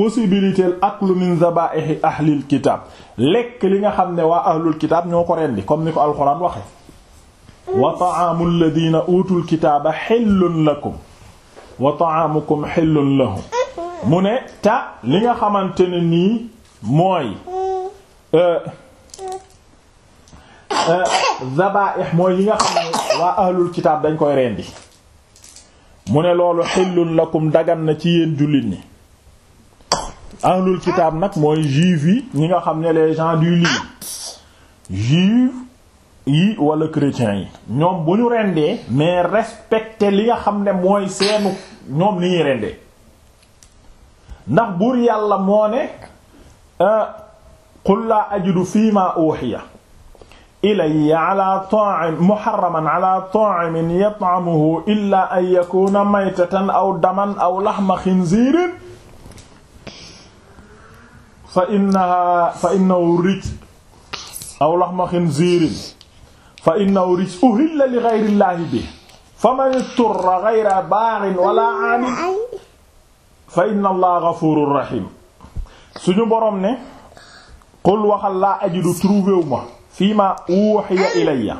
possibilité aklu min zabaihi ahlil kitab lekk li nga xam ne waa ahlul kitab ñoo ko rendi comme ni ko alxuraan waxe wa ta'aamu alladina utul kitaaba xillun lakum wa ta'aamukum xillun lahum mu ne ta li nga xamante ne nii mooy euh, euh, zabaih mooy yi nga xam ne waa ahlul kitaab dañ koy rendi mu ne loolu xillun lakum dagan na ci yéen jullit ñi ahlul kitaab nag mooy juif yi ñi nga xam ne les gens du livre juif yi wala chrétiens yi ñoom bu ñu rendee mais respecter li nga xam ne mooy seenu ñoom li ñuy rendee ndax buur yàlla moo ne ah, qul laa ajidu fii ma uxiya ilayya ala ta'im muharraman ala ta'imin yat'amuhu illa an yakuna maytatan aw daman aw laxma xinziirin fa innaha fa innahu rij aw laxma xinziirin fa innahu rij uhilla li gayrillaahi bi fa man isturra gayra baaxin wala aanin fa inna allaha gafuurun rahiim suñu boroom ne qul waxal laa ajidu trouvé wu ma fii ma uuxiya ilayya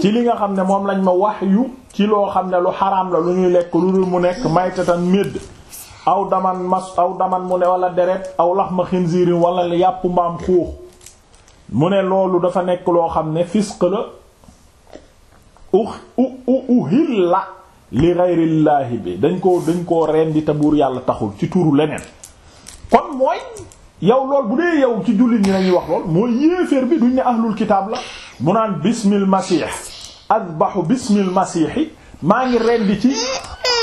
ci li nga xam ne moom lañ ma wax yu ci loo xam ne lu xaraam la lu ñuy lekk lu dul mu nekk maytatan médd aw daman mas aw daman mu ne wala deret aw lax laxma xinziirin walla yàpp mbaam xuux mu ne loolu dafa nekk loo xam ne fisq la u u uhil la li gayrillaahi bi dañ ko dañ koo rendi te buur yàlla taxul ci turu leneen kon mooy yow lool bu dee yow ci jullit ñi lañuy wax lool mooy yéeféer bi duñ ne ahlul kitaab la mu naan bismil masiix azbaxu bismil masiixi maa ngi rendi ci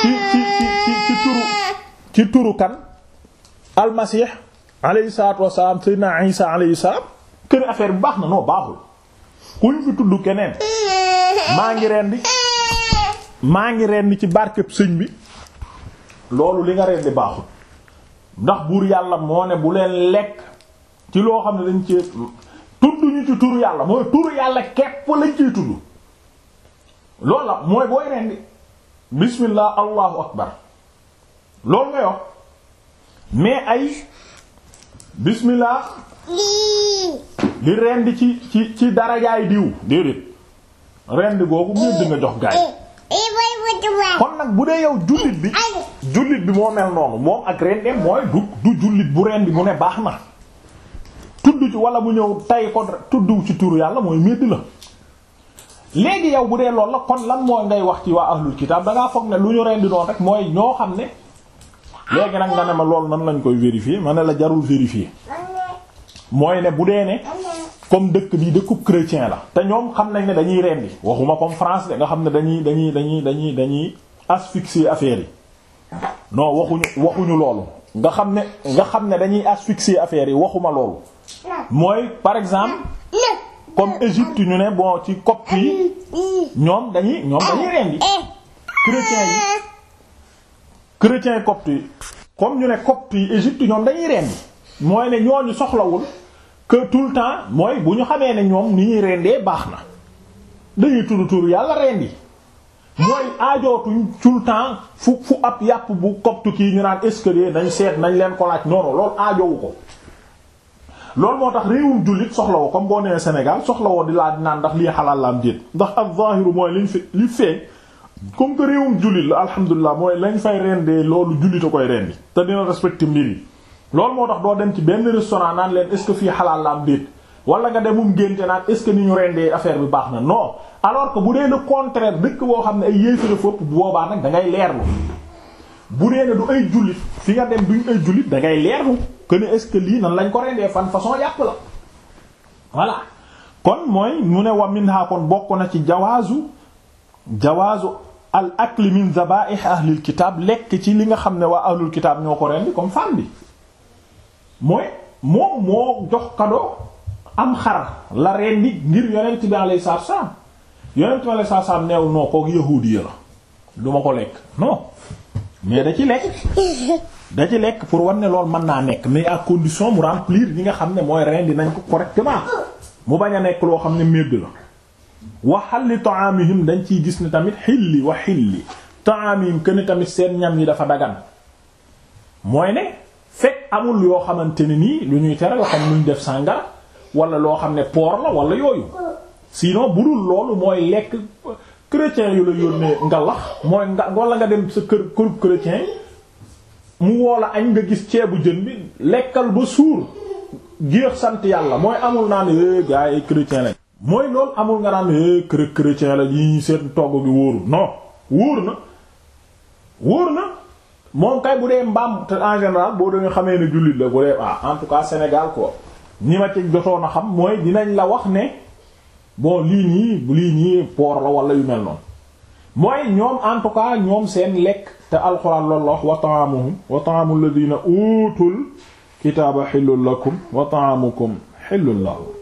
ci ci ci turu ci turu kan almasih alayhi salaatu wasalaam sayyidina Isa alayhi salaam kër affaire bi baax na non baaxul kuñ fi tudd keneen maa ngi rendi maa ngi rendi ci barkeb sëñ bi loolu li nga rendi baaxul ndax buur yàlla moo ne bu leen lekk ci loo xam ne dañ ci tudd ñu ci turu yàlla mooy turu yàlla képp lañ ciy tudd loolu la mooy booy rendi bismillah allahu akbar loolu nga yox mais ay bismillah di rendi ci ci ci darajaay diw déedéet rendi googu mu di nga jox gaay eh, eh, eh, kon nag bu dee yow jullit bi jullit bi moo mel noonu moom ak rendem mooy du du jullit bu rendi mu ne baax na tudd ci wala mu ñëw tay ko tudd ci turu yàlla mooy médd la léegi yow bu dee lool la kon lan moo ngay wax ci waa ahlul kitaab dangaa foog ne lu ñu rendi noonu rek mooy ñoo xam ne léegi nag nga ne ma loolu nan lañ koy vérifier ma ne la jarul vérifier mooy ne bu dee ne comme dëkk bi dëkkub chrétien la te ñoom xam nañ ne dañuy rendi waxuma comme France de nga xam ne dañuy dañuy dañuy dañuy dañuy asphyxier affaire yi non waxuñu waxuñu loolu nga xam ne nga xam ne dañuy asphyxier affaire yi waxuma loolu mooy par exemple comme Égypte ñu ne bon ci copte yi ñoom dañuy ñoom dañuy rendi chrétien yi chrétien copte yi comme ñu ne copte yi Égypte ñoom dañuy rendi mooy ne ñooñu soxlawul que tout le temps mooy bu ñu xamee ne ñoom ni ñuy rendee baax na dañuy tudd tur yàlla rendi mooy aajootuñ tout le temps fu fu ab yàpp bu copte kii ñu naan est-ce que nañ seet nañ leen ko laaj noonu loolu aajowu ko loolu moo tax réewum jullit soxlawoo comme boo nee Sénégal soxlawoo di laa di ndax lii xalaal la am déet ndax al zahiru mooy liñ li feeñ comme que réewum jullit la mooy lañ fay rendee loolu jullit a koy rendi te dina respecté mbir yi loolu moo tax doo dem ci benn restaurant naan leen est-ce que fii xalaal la am déet wala nga demum génte naan est-ce ni ñu rendee affaire bi baax na non alors que bu dee le contraire dëkk boo xam ne ay yéefara fëpp boobaa nag da ngay leerlu bu dee ne du ay jullit fi nga dem duñ ay jullit da ngay leerlu que ne est-ce que lii nan lañ ko rendee fan façon yàpp voilà kon mooy mu ne wa minha na ci jawaazu al akli min zabaih ahlul kitab lekk ci li nga xam ne waa ahlul kitab ñoo ko rendi comme femme bi mooy moom moo jox kado am xar la rendi ngir yonent bi alayhi salaatu salaam yonent bi alayhi salaatu salaam neew noo ko yahuudi ya la du ko lekk non mais da ci lekk da ci lekk pour war ne loolu mën naa nekk mais ak condition mu remplir li nga xam ne mooy rendi nañ ko correctement mu bañ a nekk loo xam ne médd la wa xalli ta'amihim dañ ciy gis ni tamit xilli wa xilli ta'amihim que ne tamit seen ñam yi dafa dagan mooy ne fekk amul yoo xamante ni nii lu ñuy tere la xam luñ def sàngara wala loo xam ne poor la wala yooyu sinon bu dul loolu mooy lekk chrétien yu la yónnee nga lax dem sa kër kër chrétien mu woola añ nga gis ceebu jën bi lekkal ba suur géex sant yàlla mooy amul naa ne eh, gars yi chrétien lañ mooy loolu amul nga naan eh chrétien la ñuy seen togg gi wóorul non wóor na wóor na moom kay bu dee mbaam te en général boo demee xamee ne jullit la bu dee ah en tout cas Sénégal quoi ñi ma ci jotoon a xam mooy dinañ la wax ne bon lii nii lii nii poor la wala yu mel noonu mooy ñoom en tout cas ñoom seen lekk te alxuraan loolu la wax wa ta'amuhum wa ta'amul ladina utul kitaaba xillul lakum wa ta'amukum xillul lahum